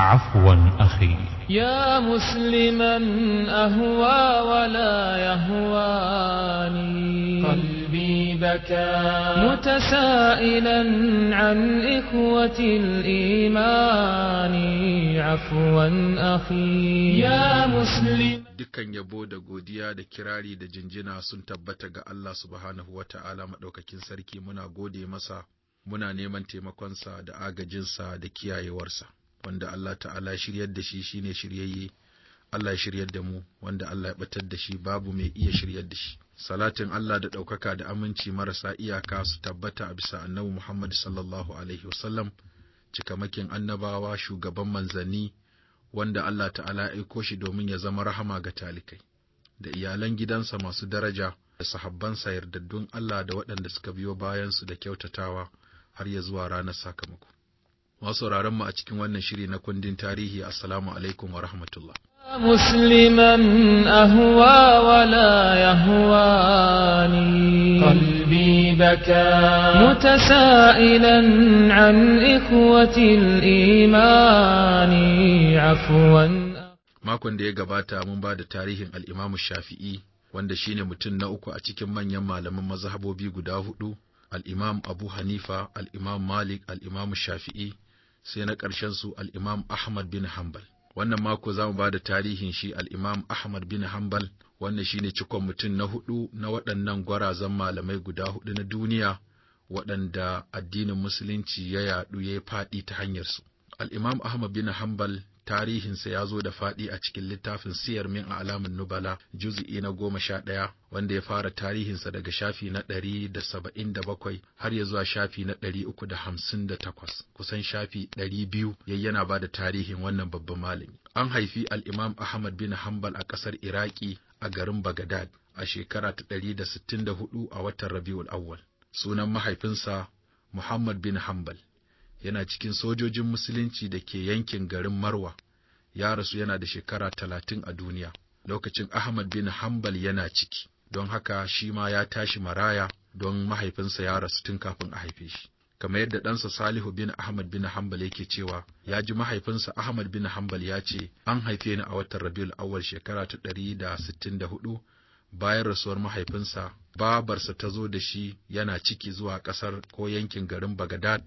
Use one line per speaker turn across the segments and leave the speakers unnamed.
عفوا أخي يا مسلما أهوى ولا يهواني قلبي بكى متسائلا عن إخوة الإيمان عفوا أخي يا مسلم dukkan yabo da godiya da kirari da jinjina sun tabbata ga Allah subhanahu wa ta'ala maɗaukakin sarki muna gode masa, muna neman taimakonsa da agajinsa da kiyayewarsa. wanda Allah ta'ala shiryar da shi shine shiryayye Allah Ya shiryar da mu wanda Allah ya batar da shi babu mai iya shiryar da shi salatin Allah da ɗaukaka da aminci marasa iyaka su tabbata a bisa annabi Muhammad sallallahu alaihi wasallam cikamakin annabawa shugaban manzanni wanda Allah ta'ala ya aiko shi domin ya zama rahama ga talikai da iyalan gidansa masu daraja da sahabbansa yardaddun Allah da waɗanda suka biyo bayansu da kyautatawa har ya zuwa ranar sakamako masu sauraron mu a cikin wannan shiri na kundin tarihi assalamu alaikum wa rahmatullah musliman أهوى ولا يهواني قلبي بكى متسائلا عن إخوة الإيمان afwan makon da ya gabata mun ba da tarihin al'imamu shafi'i wanda shine mutum na uku a cikin manyan malaman mazhabobi guda hudu imam abu hanifa al imam malik al al-imam shafi'i sai na ƙarshen su alimam Ahmad bin Hanbal wannan mako za mu ba da tarihin shi al Ahmad bin Hanbal wannan ne cikon mutum na hudu na waɗannan gwarazan malamai guda hudu na duniya waɗanda addinin musulunci ya yaɗu ya yi faɗi ta hanyarsu. Al'imam Ahmad bin Hanbal tarihinsa ya zo da faɗi a cikin littafin siyar min a alamun nubala juzi'i na goma sha ɗaya wanda ya fara tarihinsa daga shafi na ɗari da saba'in da bakwai har ya zuwa shafi na ɗari uku da hamsin da takwas kusan shafi ɗari biyu yana ba da tarihin wannan babban malami an haifi al'imam ahmad bin hanbal a ƙasar iraki a garin bagadad a shekara ta ɗari da sittin da hudu a watan rabiul awwal sunan mahaifinsa muhammad bin hanbal yana cikin sojojin musulunci da ke yankin garin Marwa, ya rasu yana da shekara talatin a duniya, lokacin Ahmad bin Hambal yana ciki, don haka shi ma ya tashi maraya don mahaifinsa ya rasu tun kafin a haife shi. Kamar yadda ɗansa Salihu bin Ahmad bin Hanbal yake cewa, ya ji mahaifinsa Ahmad bin Hambal ya ce, An haife ni a watan Rabiul Awwal shekara ta ɗari da sittin da hudu bayan rasuwar mahaifinsa, babarsa ta zo da shi yana ciki zuwa ƙasar ko yankin garin Bagadad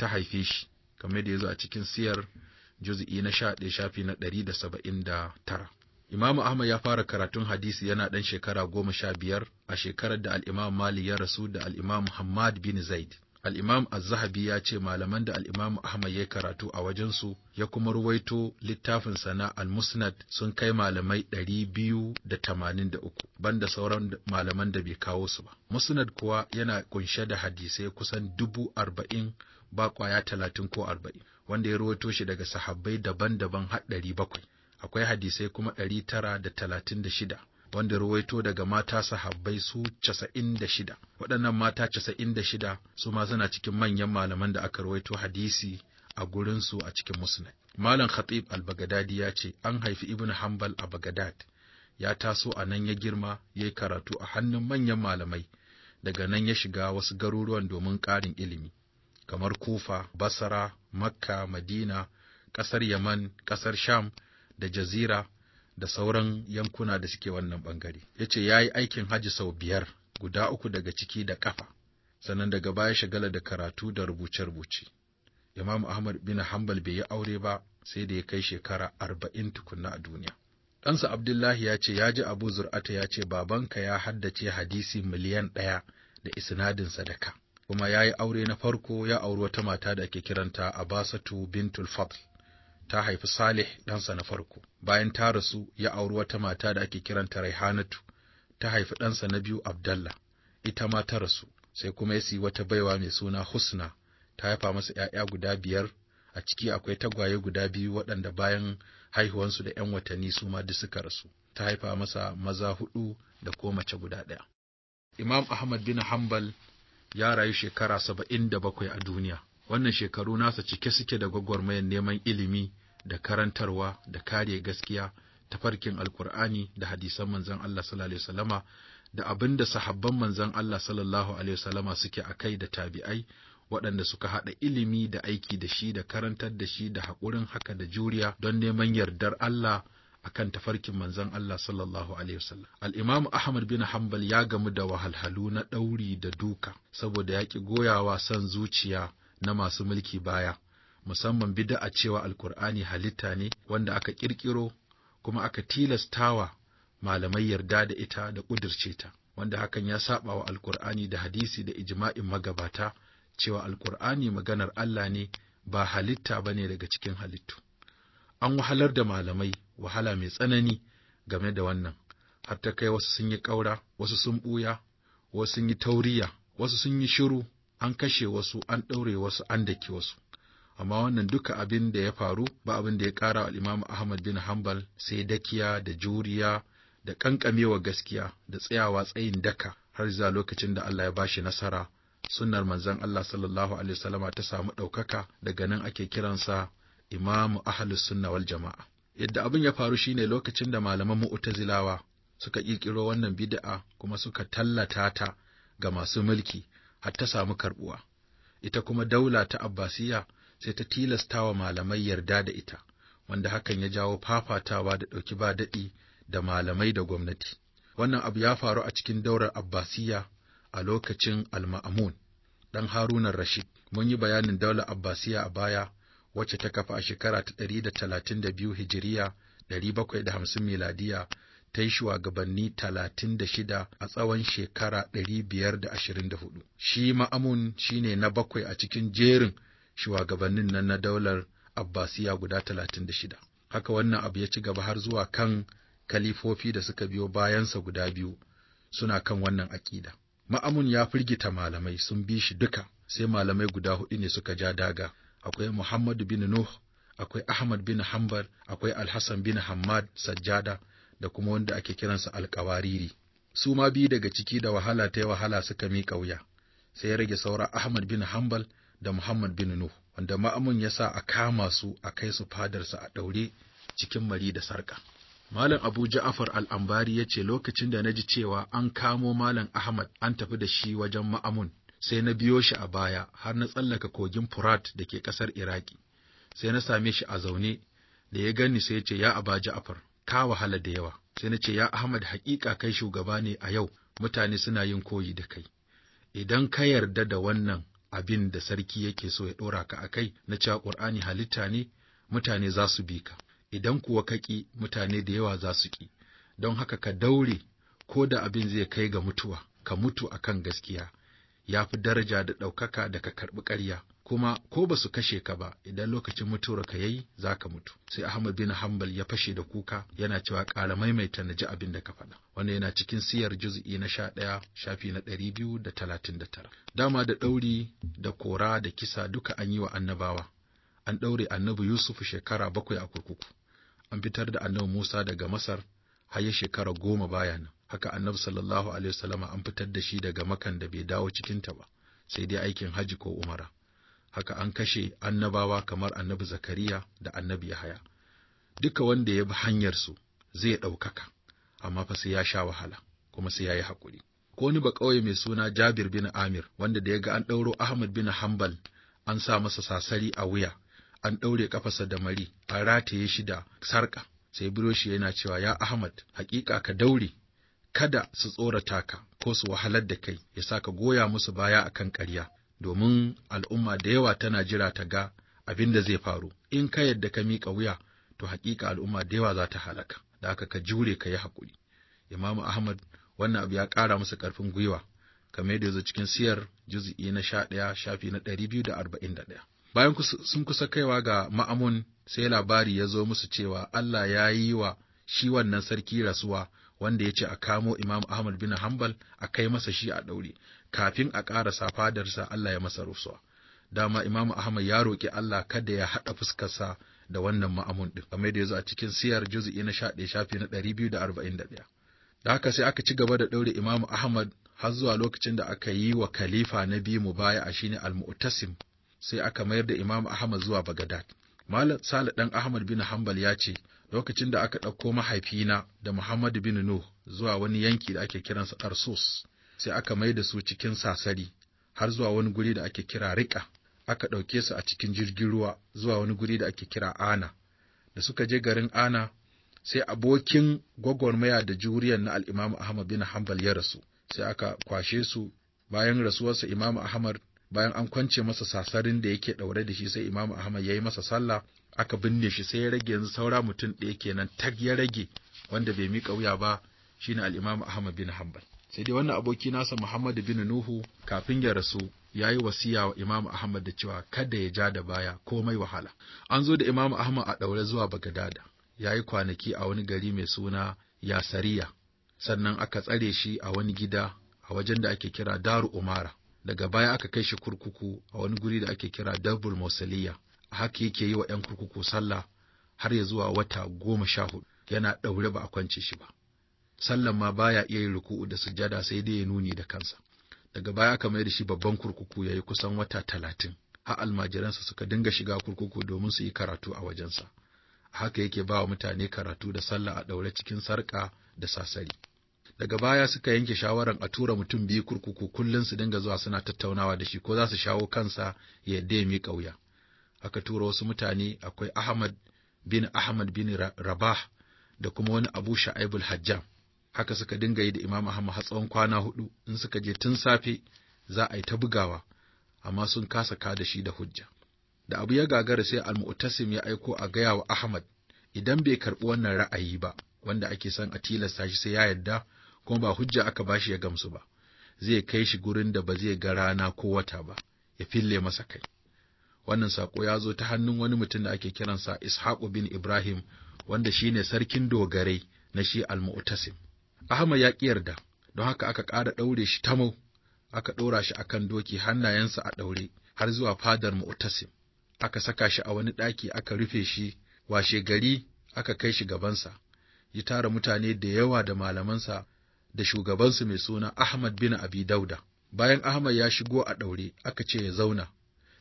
ta haife shi kamar da ya zo a cikin siyar juz'i na sha ɗaya shafi na ɗari da saba'in da tara. Imamu Ahmad ya fara karatun hadisi yana ɗan shekara goma sha biyar a shekarar da al'imam Mali ya rasu da al'imam Muhammad bin Zaid. Al'imam Az-Zahabi ya ce malaman da al'imam Ahmad ya karatu a wajensu ya kuma ruwaito littafin sana al-Musnad sun kai malamai ɗari biyu da tamanin da uku, banda sauran malaman da bai kawo su ba. Musnad kuwa yana kunshe da hadisai kusan dubu arba'in ba kwaya talatin ko arba'in wanda ya ruwato shi daga sahabbai daban-daban har ɗari bakwai akwai hadisai kuma ɗari tara da talatin da shida wanda ruwaito daga mata sahabbai su casa'in da shida waɗannan mata casa'in da shida su ma suna cikin manyan malaman da aka ruwaito hadisi a gurinsu a cikin musnad malam khatib al-bagadadi ya ce an haifi ibn al-hambal a bagadad ya taso a nan ya girma ya yi karatu a hannun manyan malamai daga nan ya shiga wasu garuruwan domin ƙarin ilimi kamar Kufa, Basara, Makka, Madina, ƙasar Yaman, ƙasar Sham da Jazira da sauran yankuna da suke wannan ɓangare. Ya ce ya yi aikin haji sau biyar, guda uku daga ciki da ƙafa, sannan daga baya shagala da karatu da rubuce-rubuce. Imam Ahmad bin Hanbal bai yi aure ba sai da ya kai shekara arba'in tukunna a duniya. Ɗansa Abdullahi ya ce ya ji Abu Zur'ata ya ce babanka ya haddace hadisi miliyan ɗaya da isnadin sadaka. kuma ya yi aure na farko ya auri wata mata da ake kiranta Abasatu bintul Fadl. Ta haifi Salih ɗansa na farko. Bayan ta rasu ya auri wata mata da ake kiranta Raihanatu. Ta haifi ɗansa na biyu Abdallah. Ita ma ta rasu. Sai kuma ya siyi wata baiwa mai suna Husna. Ta haifa masa ‘ya'ya guda biyar. A ciki akwai tagwaye guda biyu waɗanda bayan haihuwansu da ‘yan watanni su ma duk suka rasu. Ta haifa masa maza huɗu da ko mace guda ɗaya. Imam Ahmad bin Hambal. ya rayu shekara saba'in da bakwai a duniya. Wannan shekaru nasa cike suke da gwagwarmayar neman ilimi da karantarwa da kare gaskiya ta farkin alkur'ani da hadisan manzon Allah sallallahu da abin da sahabban manzon Allah sallallahu alaihi wasallama suke kai da tabi'ai waɗanda suka haɗa ilimi da aiki da shi da karantar da shi da haƙurin haka da juriya don neman yardar Allah akan tafarkin manzon Allah sallallahu alaihi wasallam. Al-Imam Ahmad bin Hanbal ya gamu da wahalhalu na ɗauri da duka saboda ya ki goyawa son zuciya na masu mulki baya, musamman bid'a cewa Alkur'ani halitta ne wanda aka ƙirƙiro kuma aka tilastawa malamai yarda da ita da ƙudurceta, ta, wanda hakan ya saɓa wa Alkur'ani da hadisi da ijma'in magabata cewa Alkur'ani maganar Allah ne ba halitta ba ne daga cikin halittu. An wahalar da malamai wahala mai tsanani game da wannan har ta kai wasu sun yi ƙaura wasu sun ɓuya wasu sun yi tauriya wasu sun yi shiru an kashe wasu an ɗaure wasu an daki wasu amma wannan duka abin da ya faru ba abin da ya ƙara wa imamu ahmad bin hanbal sai dakiya da juriya da ƙanƙamewa gaskiya da tsayawa tsayin daka har zuwa lokacin da Allah ya bashi nasara sunnar manzon Allah sallallahu alaihi wasallama ta samu ɗaukaka daga nan ake kiransa imamu ahlus sunna wal jama'a Yadda abin ya faru shine lokacin da malaman Mu'tazilawa suka ƙirƙiro wannan bid'a kuma suka tallata ta ga masu mulki har ta samu karɓuwa. Ita kuma daula ta abbasiya sai ta tilastawa malamai yarda da ita, wanda hakan ya jawo fafatawa da ɗauki ba daɗi da malamai da gwamnati. Wannan abu ya faru a cikin daular abbasiya a lokacin Al-Ma'amun ɗan Harunan Rashid. Mun yi bayanin daular abbasiya a baya wacce ta kafa a shekara ta 132 hijiriya da 750 miladiya ta yi shugabanni talatin da shida a tsawon shekara da 524. Shi ma'amun shi ne na bakwai a cikin jerin shugabannin nan na daular Abbasiya guda 36. Haka wannan abu ya ci gaba har zuwa kan kalifofi da suka biyo bayansa guda biyu suna kan wannan aƙida. Ma'amun ya firgita malamai sun bi shi duka, sai malamai guda huɗu ne suka ja daga. akwai Muhammadu bin Nuh, akwai Ahmad bin Hanbal, akwai Alhassan bin Hammad Sajjada da kuma wanda ake kiransa alkawariri Su ma biyu daga ciki da wahala ta wahala suka miƙa wuya, sai ya rage saura Ahmad bin Hanbal da Muhammad bin Nuh, wanda ma'amun ya sa a kama su a kai su fadarsa a ɗaure cikin mari da sarka. Malam Abu Ja'far Al-Ambari ya ce lokacin da na ji cewa an kamo Malam Ahmad an tafi da shi wajen ma'amun, sai na biyo shi a baya har na tsallaka kogin Furat da ke ƙasar Iraki, sai na same shi a zaune, da ya gani sai ya ce, Ya Aba ja'afar, ka wahala da yawa, sai na ce, Ya Ahmad, haƙiƙa kai shugaba ne a yau, mutane suna yin koyi da kai. Idan ka yarda da wannan abin da sarki yake so ya ɗora ka a kai, na cewa Ƙur'ani halitta ne, mutane za su bi ka, idan kuwa ka ƙi, mutane da yawa za su ƙi, don haka ka daure, ko da abin zai kai ga mutuwa, ka mutu akan gaskiya. ya fi daraja da ɗaukaka da ka karɓi ƙarya kuma ko ba su kashe ka ba idan lokacin mutuwar ka yayi za ka mutu sai ahmad bin hanbal ya fashe da kuka yana cewa ƙara maimaita na ji abin da ka faɗa wannan yana cikin siyar juz'i na sha ɗaya shafi na ɗari biyu da talatin da tara dama da ɗauri da kora da kisa duka an yi wa annabawa an ɗaure annabi yusuf shekara bakwai a kurkuku an fitar da annabi musa daga masar har ya shekara goma baya nan haka annabi sallallahu alaihi wasallama an fitar da shi daga makan da bai dawo cikinta ba sai dai aikin haji ko umara haka an kashe annabawa kamar annabi zakariya da annabi yahaya duka wanda ya bi hanyar su zai ɗaukaka amma fa sai ya sha wahala kuma sai ya yi haƙuri ko wani ba ƙauye mai suna jabir bin amir wanda da ya ga an ɗauro ahmad bin hanbal an sa masa sasari a wuya an ɗaure ƙafasa da mari an rataye shi da sarƙa sai biro shi yana cewa ya ahmad haƙiƙa ka daure kada su tsorata ka ko su wahalar da kai ya sa ka goya musu baya a kan ƙarya domin al'umma da yawa tana jira ta ga abin da zai faru in ka yadda ka miƙa wuya to haƙiƙa al'umma da yawa za ta halaka da haka ka jure ka yi haƙuri imamu ahmad wannan abu ya ƙara musu ƙarfin gwiwa kamar yadda cikin siyar juzu'i na sha ɗaya shafi na ɗari biyu da arba'in da ɗaya bayan sun kusa kaiwa ga ma'amun sai labari ya zo musu cewa Allah ya yi wa shi wannan sarki rasuwa wanda ya ce a kamo Imam Ahmad bin Hanbal a kai masa shi a ɗaure, kafin a ƙarasa fadarsa Allah ya masa rufsuwa Dama Imam Ahmad ya roƙi Allah kada ya haɗa fuskarsa da wannan ma'amun ɗin, kamar da ya zo a cikin siyar juzu'i na sha ɗaya shafi na ɗari biyu da arba'in da ɗaya. Da haka sai aka ci gaba da ɗaure Imam Ahmad har zuwa lokacin da aka yi wa kalifa na biyu mu baya a shine Al-Mu'tasim sai aka mayar da Imam Ahmad zuwa Bagadad. Malam Sale ɗan Ahmad bin Hanbal ya ce, lokacin da aka ɗauko mahaifina da Muhammadu bin Nuh zuwa wani yanki da ake kiransa Tarsus, sai aka mai da su cikin sasari har zuwa wani guri da ake kira Rika, aka ɗauke su a cikin jirgin ruwa zuwa wani guri da ake kira Ana. Da suka je garin Ana, sai abokin gwagwarmaya da juriyar na al'imamu Ahmad bin Hanbal ya rasu, sai aka kwashe su bayan rasuwarsa Imamu Ahmad bayan an kwance masa sasarin da yake ɗaure da shi sai Imam Ahmad ya yi masa sallah aka binne shi sai ya rage yanzu saura mutum ɗaya kenan tag ya rage wanda bai miƙa wuya ba shine ne imam Ahmad bin Hanbal sai dai wannan aboki nasa Muhammad bin Nuhu kafin ya rasu ya yi wasiya wa Imam Ahmad da cewa kada ya ja da baya komai wahala an zo da Imam Ahmad a ɗaure zuwa bagadada ya yi kwanaki a wani gari mai suna Yasariya sannan aka tsare shi a wani gida a wajen da ake kira Daru Umara daga baya aka kai shi kurkuku a wani guri da ake kira dabul mausaliya haka yake yi wa 'yan kurkuku sallah har ya zuwa wata goma sha hudu yana ɗaure ba a kwance shi ba sallan ma baya iya yin ruku'u da sujjada sai dai ya nuni da kansa daga baya aka mai da shi babban kurkuku ya yi kusan wata talatin har almajiransa suka dinga shiga kurkuku domin su yi karatu a wajensa haka yake ba wa mutane karatu da sallah a ɗaure cikin sarƙa da sasari daga baya suka yanke shawaran a tura mutum biyu kurkuku kullum su dinga zuwa suna tattaunawa da shi ko za su shawo kansa ya yadda ya aka tura wasu mutane akwai Ahmad bin Ahmad bin Rabah da kuma wani Abu Sha'aibul Hajjam haka suka dinga yi da Imam Ahmad har tsawon kwana hudu in suka je tun safe za a yi ta bugawa amma sun kasa ka da shi da hujja da abu ya gagara sai Al-Mu'tasim ya aiko a gaya wa Ahmad idan bai karɓi wannan ra'ayi ba wanda ake son a tilasta shi sai ya yadda. kuma ba hujja aka bashi ya gamsu ba zai kai shi gurin da ba zai ga rana ko wata ba ya fille masa kai wannan sako ya zo ta hannun wani mutum da ake kiransa Ishaqu bin Ibrahim wanda shine sarkin dogarai na shi Al-Mu'tasim Ahmad ya ki yarda don haka aka ƙara ɗaure shi tamau aka ɗora shi akan doki hannayensa a ɗaure har zuwa fadar Mu'tasim aka saka shi a wani ɗaki aka rufe shi washe gari aka kai shi gabansa ya tara mutane da yawa da malamansa da shugabansu mai suna Ahmad bin Abi Dauda. Bayan Ahmad ya shigo a ɗaure aka ce ya zauna,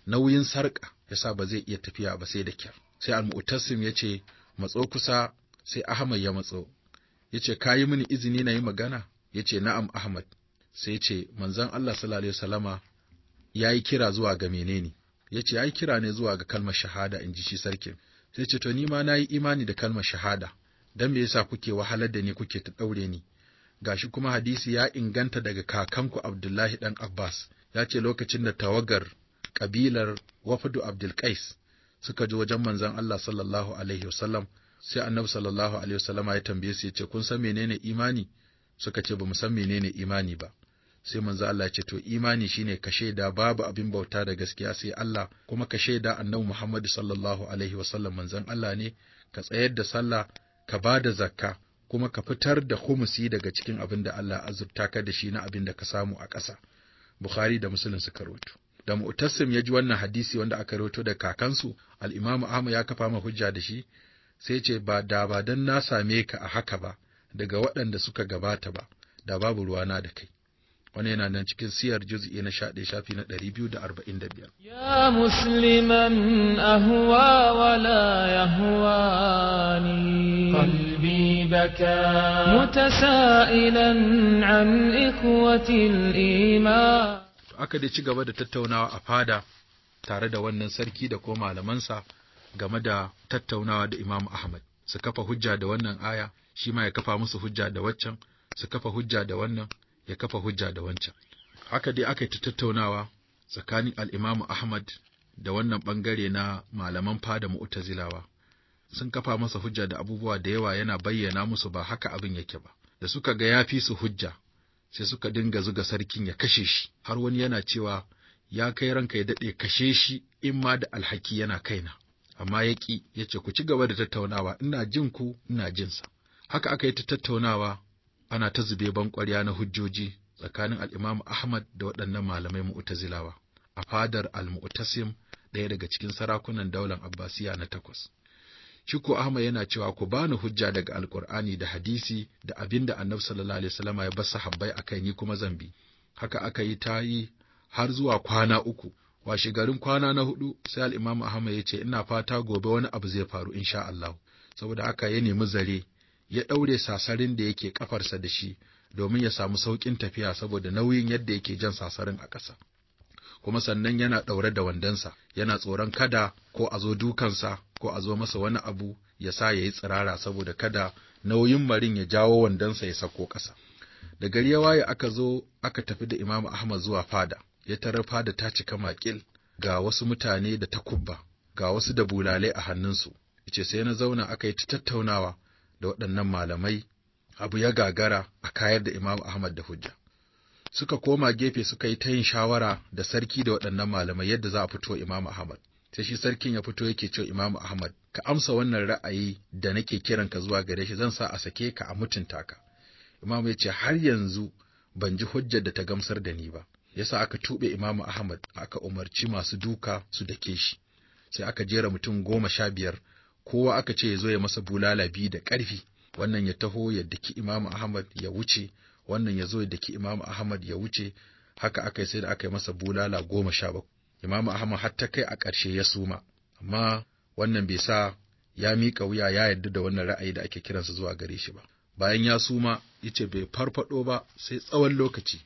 nauyin sarƙa ya sa ba zai iya tafiya ba sai da kyar. Sai Al-Mu'tasim ya ce, matso kusa sai Ahmad ya matso. Ya ce, ka yi mini izini na yi magana? Ya ce, na'am Ahmad. Sai ya ce, manzon Allah sallallahu alaihi ya yi kira zuwa ga menene? Ya ce, ya kira ne zuwa ga kalmar shahada in ji shi sarkin. Sai ce, to ni ma na yi imani da kalmar shahada. Dan me yasa kuke wahalar da ni kuke ta ɗaure ni? gashi kuma hadisi ya inganta daga kakanku Abdullahi ɗan Abbas, ya ce lokacin da tawagar ƙabilar Wafdu Abdulkais suka ji wajen manzan Allah sallallahu Alaihi wasallam, sai annabi sallallahu Alaihi wasallam ya tambaye su ya ce, Kun san menene imani? Suka ce, Ba mu san menene imani ba. Sai manzan Allah ya ce, To, imani shine ka shaida babu abin bauta da gaskiya sai Allah, kuma ka shaida annabi Muhammadu sallallahu Alaihi wasallam manzon Allah ne, ka tsayar da sallah, ka ba da zakka, kuma ka fitar da humusi daga cikin abin da Allah azurta ka da shi na abin da ka samu a ƙasa. Bukhari da Muslim suka rawaito. Da Mu'tasim ya ji wannan hadisi wanda aka rawaito da kakansu, al-Imam Ahmad ya kafa ma hujja da shi, sai ce ba da ba dan na same ka a haka ba daga waɗanda suka gabata ba, da babu ruwana da kai. wani yana nan cikin siyar juz'i na shaɗe shafi na ɗari biyu da arba'in da biyar. Ya musliman ahuwa Wala ya huwa ni kalbi baka mutasa'ilan an ikwatil iman. Aka dai ci gaba da tattaunawa a fada tare da wannan sarki da ko malamansa game da tattaunawa da Imam Ahmad. Su kafa hujja da wannan aya, shi ma ya kafa musu hujja da waccan, su kafa hujja da wannan, ya kafa hujja da wancan haka dai aka yi ta tattaunawa tsakanin al'imamu ahmad da wannan ɓangare na malaman fada mu'tazilawa sun kafa masa hujja da abubuwa da yawa yana bayyana musu ba haka abin yake ba da suka ga ya fi su hujja sai suka dinga zuga sarkin ya kashe shi har wani yana cewa ya kai ranka ya daɗe kashe shi in ma da alhaki yana kaina amma ya ƙi ya ce ku ci gaba da tattaunawa ina jin ku ina jinsa haka aka yi ta tattaunawa ana ta zube ban banƙwarya na hujjoji tsakanin al'imamu Ahmad da waɗannan malamai mu'tazilawa a fadar al-mu'tasim ɗaya daga cikin sarakunan daular Abbasiya na takwas. Shiko Ahmad yana cewa ku bani hujja daga Alƙur'ani da hadisi da abin da Annabi sallallahu alaihi wasallam ya basa habbai akai ni kuma zambi. Haka aka yi ta yi har zuwa kwana uku. Washe garin kwana na hudu sai al-Imam Ahmad ya ce ina fata gobe wani abu zai faru insha Allah. Saboda haka ya nemi zare ya ɗaure sasarin da yake ƙafarsa da shi domin ya samu sauƙin tafiya saboda nauyin yadda yake jan sasarin a ƙasa. Kuma sannan yana ɗaure da wandonsa, yana tsoron kada ko a zo dukansa ko a zo masa wani abu ya sa ya yi tsirara saboda kada nauyin marin ya jawo wandonsa ya sako ƙasa. Da gari ya waye aka zo aka tafi da Imam Ahmad zuwa fada, ya tarar fada ta cika maƙil ga wasu mutane da takubba, ga wasu da bulalai a hannunsu. ice sai na zauna aka yi ta tattaunawa da waɗannan malamai abu ya gagara a kayar da Imam Ahmad da hujja. Suka koma gefe suka yi ta yin shawara da sarki da waɗannan malamai yadda za a fito Imam Ahmad. Sai shi sarkin ya fito yake cewa Imam Ahmad, ka amsa wannan ra'ayi da nake kiran ka zuwa gare shi zan sa a sake ka a mutunta ka. Imam ya ce har yanzu ban ji hujjar da ta gamsar da ni ba. Yasa aka tuɓe Imam Ahmad aka umarci masu duka su dake shi. Sai aka jera mutum goma sha biyar kowa aka ce ya zo ya masa bulala biyu da ƙarfi wannan ya taho ya daki Imam Ahmad ya wuce wannan ya zo ya daki Imam Ahmad ya wuce haka aka yi sai da aka yi masa bulala goma sha bakwai Imam Ahmad har ta kai a ƙarshe ya suma amma wannan bai sa ya miƙa wuya ya yarda da wannan ra'ayi da ake kiransa zuwa gare shi ba bayan ya suma yace bai farfaɗo ba sai tsawon lokaci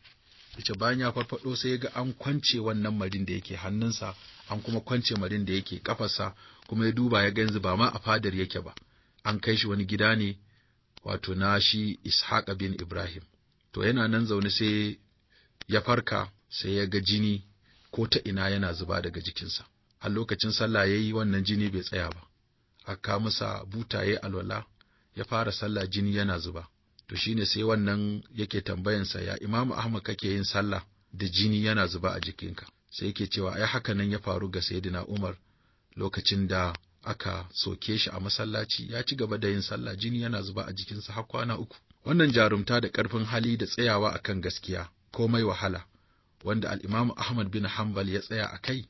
yace bayan ya farfaɗo sai ya ga an kwance wannan marin da yake hannunsa an kuma kwance marin da yake kafarsa kuma ya duba ya ganzu ba ma a fadar yake ba an kai shi wani gida ne wato na shi Ishaq bin Ibrahim to yana nan zaune sai ya farka sai ya ga jini ko ta ina yana zuba daga jikinsa A lokacin sallah ya yi wannan jini bai tsaya ba ka masa butaye alwala ya fara sallah jini yana zuba to shine sai wannan yake tambayansa ya Imam Ahmad kake yin sallah da jini yana zuba a jikinka sai yake cewa ai haka nan ya faru ga Sayyidina Umar lokacin da aka soke shi a masallaci ya ci gaba da yin sallah jini yana zuba a jikinsa har kwana uku wannan jarumta da ƙarfin hali da tsayawa akan gaskiya komai wahala wanda al-Imam Ahmad bin Hanbal ya tsaya a kai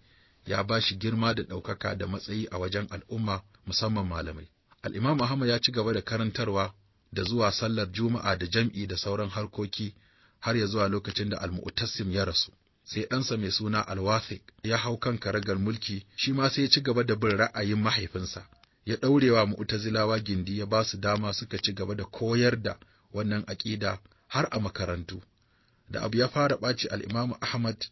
ya ba shi girma da ɗaukaka da matsayi a wajen al'umma musamman malamai. al-Imam Ahmad ya ci gaba da karantarwa da zuwa sallar juma'a da jam'i da sauran harkoki har ya zuwa lokacin da almu'tassim ya rasu. sai ɗansa mai suna alwathik ya hau kan karagar mulki shi ma sai ya ci gaba da bin ra'ayin mahaifinsa ya ɗaurewa mu'tazilawa gindi ya ba su dama suka ci gaba da koyar da wannan aƙida har a makarantu da abu ya fara ɓaci al'imamu Ahmad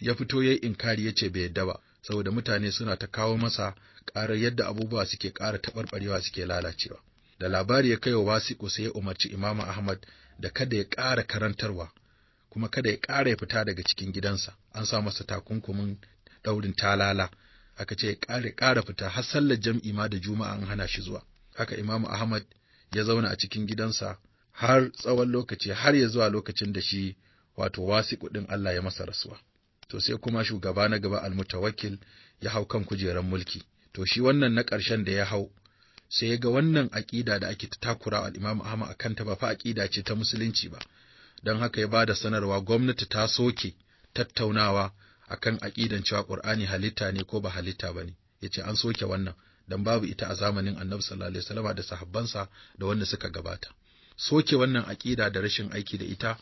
ya fito ya yi inkari ya ce bai yadda ba saboda mutane suna ta kawo masa ƙarar yadda abubuwa suke ƙara taɓarɓarewa suke lalacewa da labari ya kai wa wasiƙu sai ya umarci imamu Ahmad da kada ya ƙara karantarwa kuma kada ya ƙara ya fita daga cikin gidansa an sa masa takunkumin ɗaurin talala aka ce ya ƙara fita har sallar jam'i ma da juma'a an hana shi zuwa haka imamu ahmad ya zauna a cikin gidansa har tsawon lokaci har ya zuwa lokacin da shi wato wasi kuɗin Allah ya masa rasuwa to sai kuma shugaba na gaba almutawakkil ya hau kan kujerar mulki to shi wannan na ƙarshen da ya hau sai ya ga wannan aƙida da ake ta takura al'imamu Ahmad a kanta ba fa aƙida ce ta musulunci ba don haka ya ba da sanarwa gwamnati ta soke tattaunawa akan aƙidan cewa Ƙur'ani halitta ne ko ba halitta ba ne, ya ce an soke wannan don babu ita a zamanin annabi sallallahu alaihi wasallama da sahabbansa da wanda suka gabata. Soke wannan aƙida da rashin aiki da ita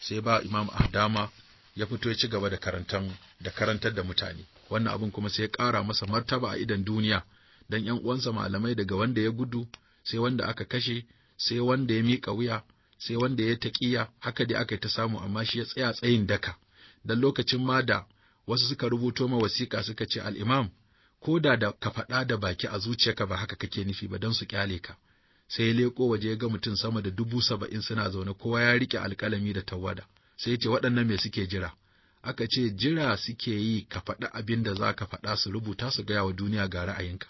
sai ba Imam Ahdama ya fito ya ci gaba da karantan da karantar da mutane. Wannan abin kuma sai ya ƙara masa martaba a idan duniya don ƴan uwansa malamai daga wanda ya gudu sai wanda aka kashe sai wanda ya mika wuya sai wanda ya taƙiya haka dai aka ta samu amma shi ya tsaya tsayin daka dan lokacin ma da wasu suka rubuto ma wasiƙa suka ce al'imam ko da da ka faɗa da baki a zuciyarka ba haka kake nufi ba don su ƙyale ka sai ya leƙo waje ya ga mutum sama da dubu saba'in suna zaune kowa ya riƙe alƙalami da tawada sai ya ce waɗannan me suke jira aka ce jira suke yi ka faɗa abin da za ka faɗa su rubuta su gaya wa duniya ga ra'ayinka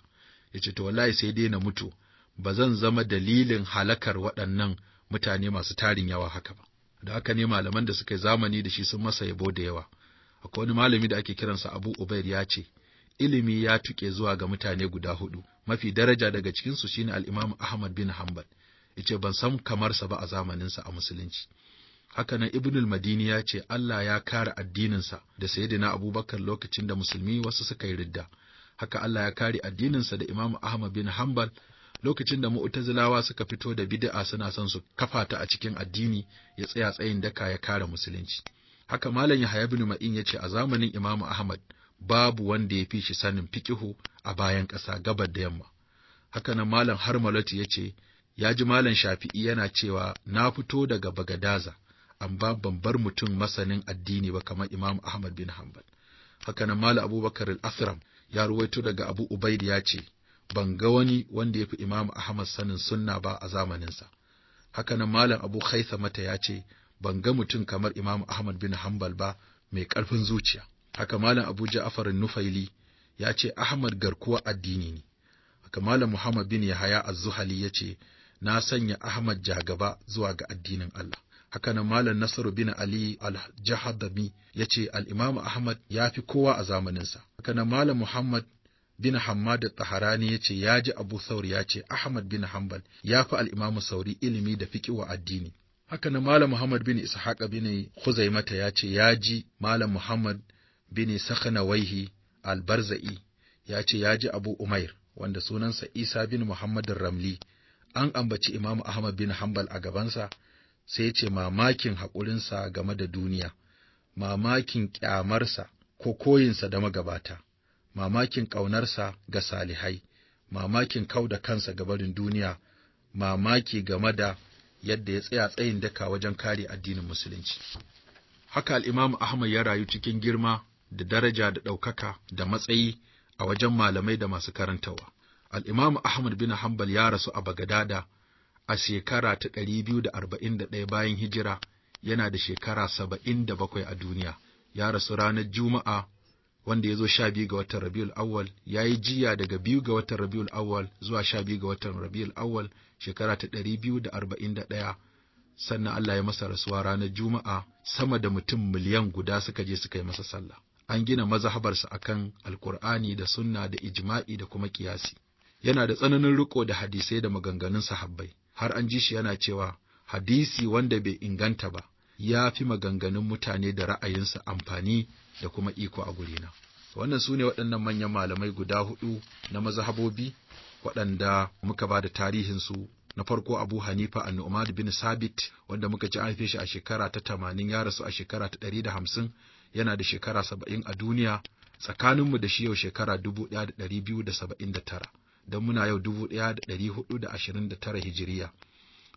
ya ce to wallahi sai dai na mutu ba zan zama dalilin halakar waɗannan mutane masu tarin yawa haka ba da haka ne malaman da suka yi zamani da shi sun masa yabo da yawa akwai wani malami da ake kiransa Abu Ubaid ya ce ilimi ya tuke zuwa ga mutane guda hudu mafi daraja daga cikin su shine al-Imam Ahmad bin Hanbal yace ban san kamar sa ba a zamanin sa a musulunci haka nan Ibnul Madini ya ce Allah ya kare addinin sa da Sayyidina Abubakar lokacin da musulmi wasu suka yi ridda haka Allah ya kare addinin sa da Imam Ahmad bin Hanbal lokacin da mu'tazilawa suka fito da bid'a suna son su kafa ta a cikin addini ya tsaya tsayin daka ya kare musulunci haka malam yahya ibn Ma'in yace a zamanin Imam Ahmad babu wanda ya fi shi sanin fiqihu a bayan ƙasa gabar da yamma haka nan malam harmalati yace ya ji malam Shafi'i yana cewa na fito daga Bagadaza amma ban bar mutum masanin addini ba kamar Imam Ahmad bin Hanbal haka nan malam Abubakar al-Asram ya ruwaito daga Abu Ubaid ya ce ban ga wani wanda ya fi Imam Ahmad sanin sunna ba a zamaninsa. Hakanan Malam Abu Haitha mata ya ce, ban ga mutum kamar Imam Ahmad bin Hanbal ba mai ƙarfin zuciya. Haka Malam Abu Ja'far Nufaili ya ce Ahmad garkuwa addini ne. Haka Malam Muhammad bin Yahaya Az-Zuhali ya ce, na sanya Ahmad jagaba zuwa ga addinin Allah. Hakanan Malam Nasiru bin Ali Al-Jahadami ya ce Al-Imam Ahmad ya fi kowa a zamaninsa. Hakanan Malam Muhammad bin Hammad Taharani ya ce ya ji Abu Sauri ya ce Ahmad bin Hanbal ya fi al Sauri ilimi da fiqh wa addini. Haka na Malam Muhammad bin Ishaq bin Khuzaimata ya ce ya ji Malam Muhammad bin Sakhnawaihi al-Barza'i ya ce ya ji Abu Umair wanda sunansa Isa bin Muhammad Ramli an ambaci Imam Ahmad bin Hanbal a gabansa sai ya ce mamakin haƙurinsa game da duniya mamakin kyamarsa, ko koyinsa da magabata mamakin ƙaunarsa ga salihai, mamakin kau da kansa ga barin duniya, mamaki game da yadda ya tsaya tsayin daka wajen kare addinin musulunci. Haka al'imamu Ahmad ya rayu cikin girma da daraja da ɗaukaka da matsayi a wajen malamai da masu karantawa. Al'imamu Ahmad bin Hanbal ya rasu a Bagadada a shekara ta ɗari biyu da arba'in da ɗaya bayan hijira yana da shekara saba'in da bakwai a duniya, ya rasu ranar Juma'a wanda ya zo sha biyu ga watan Rabiul Awwal ya yi jiya daga biyu ga watan Rabiul Awwal zuwa sha biyu ga watan Rabiul Awwal shekara ta ɗari biyu da arba'in da ɗaya sannan Allah ya masa rasuwa ranar Juma'a sama da mutum miliyan guda suka je suka yi masa sallah. An gina mazahabarsa a kan Alkur'ani da sunna da ijma'i da kuma kiyasi. Yana da tsananin riko da hadisai da maganganun sahabbai, har an ji shi yana cewa hadisi wanda bai inganta ba ya fi maganganun mutane da ra'ayinsa amfani da kuma iko a gurina wannan su ne waɗannan manyan malamai guda hudu na mazhabobi waɗanda muka ba da tarihinsu na farko Abu Hanifa an Umar bin Sabit wanda muka ci an shi a shekara ta tamanin ya rasu a shekara ta ɗari da hamsin yana da shekara saba'in a duniya tsakaninmu da shi yau shekara dubu ɗaya da ɗari biyu da saba'in da tara don muna yau dubu ɗaya da ɗari hudu da ashirin da tara hijiriya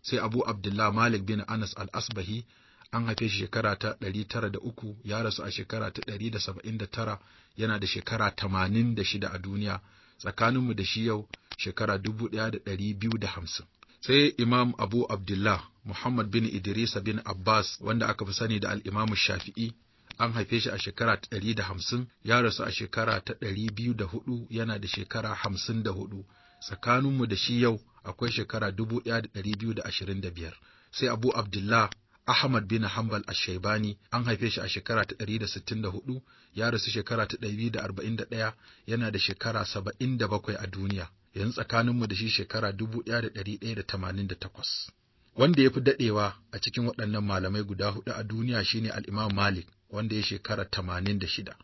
sai Abu Abdullah Malik bin Anas al-Asbahi an haife shi shekara ta ɗari tara da uku ya rasu a shekara ta ɗari da saba'in da tara yana da shekara tamanin da shida a duniya tsakaninmu da shi yau shekara dubu ɗaya da ɗari biyu da hamsin. Sai Imam Abu Abdullah Muhammad bin Idrisa bin Abbas wanda aka fi sani da al'imamu Shafi'i an haife shi a shekara ta ɗari da hamsin ya rasu a shekara ta ɗari biyu da hudu yana da shekara hamsin da hudu tsakaninmu da shi yau akwai shekara dubu ɗaya da ɗari biyu da ashirin da biyar. Sai Abu Abdullah Ahmad bin Hanbal ash shaibani an haife shi a shekara ta 164 ya rasu shekara ta da arba'in ɗaya, yana da shekara saba'in da bakwai a duniya yanzu tsakaninmu da shi shekara dubu ɗaya ɗaya da da da ɗari tamanin 1188 wanda ya fi daɗewa a cikin waɗannan malamai guda huɗu a duniya shine al-Imam Malik wanda ya shekara tamanin da shida,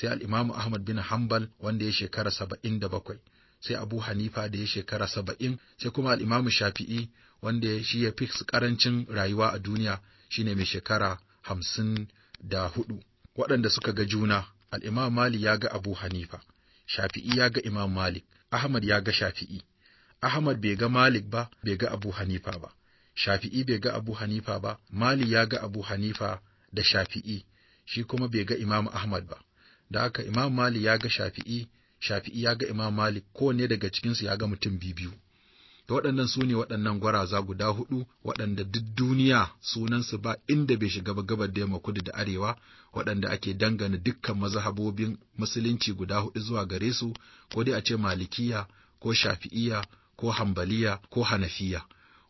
sai al Ahmad bin Hanbal wanda ya shekara saba'in da bakwai, sai Abu Hanifa da ya shekara saba'in, sai kuma al Shafi'i wanda shi ya fi karancin rayuwa a duniya shine mai shekara hamsin da hudu waɗanda suka ga juna al'imam malik ya ga abu hanifa shafi'i ya ga imam malik ahmad ya ga shafi'i ahmad bai ga malik ba bai ga abu hanifa ba shafi'i bai ga abu hanifa ba mali ya ga abu hanifa da shafi'i shi kuma bai ga imam ahmad ba da haka imam mali ya ga shafi'i shafi'i ya ga imam malik kowanne daga cikinsu ya ga mutum biyu To waɗannan su ne waɗannan gwaraza guda huɗu waɗanda duk duniya sunansu ba inda bai shiga ba gabar da yamma kudu da arewa waɗanda ake dangana dukkan mazhabobin musulunci guda huɗu zuwa gare su ko dai a ce malikiya ko shafi'iya ko hambaliya ko hanafiya.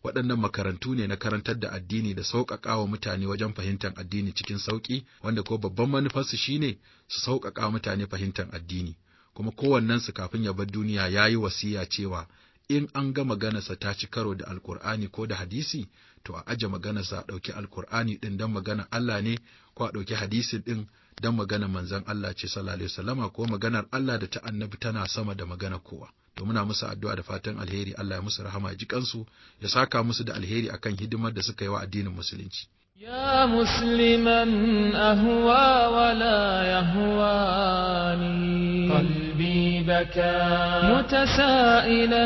waɗannan makarantu ne na karantar da addini da sauƙaƙa wa mutane wajen fahimtar addini cikin sauƙi wanda ko babban manufarsu shine su sauƙaƙa mutane fahimtar addini kuma kowannensu kafin ya bar duniya ya yi wasiya cewa in an ga maganarsa ta ci karo da alkur'ani ko da hadisi to a aje maganarsa a ɗauki alkur'ani ɗin don magana Allah ne ko a ɗauki hadisi ɗin don magana manzon Allah ce sallallahu alaihi wasallama ko maganar Allah da ta annabi tana sama da magana kowa to muna musu addu'a da fatan alheri Allah ya musu rahama ji kansu ya saka musu da alheri akan hidimar da suka yi wa addinin musulunci يا مسلما أهوى ولا يهواني بكى متسائلا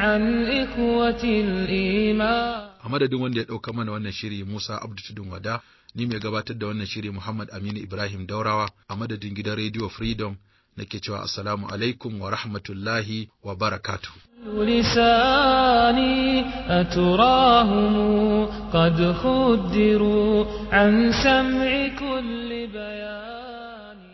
عن إخوة الإيمان a wanda ya ɗauka mana wannan shiri Musa Abdu Tudun Wada, ni mai gabatar da wannan shiri Muhammad Aminu Ibrahim Daurawa a madadin gidan Radio Freedom nake cewa assalamu alaikum wa rahmatullahi wa barakatu. لساني أتراهم قد خدروا عن سمع كل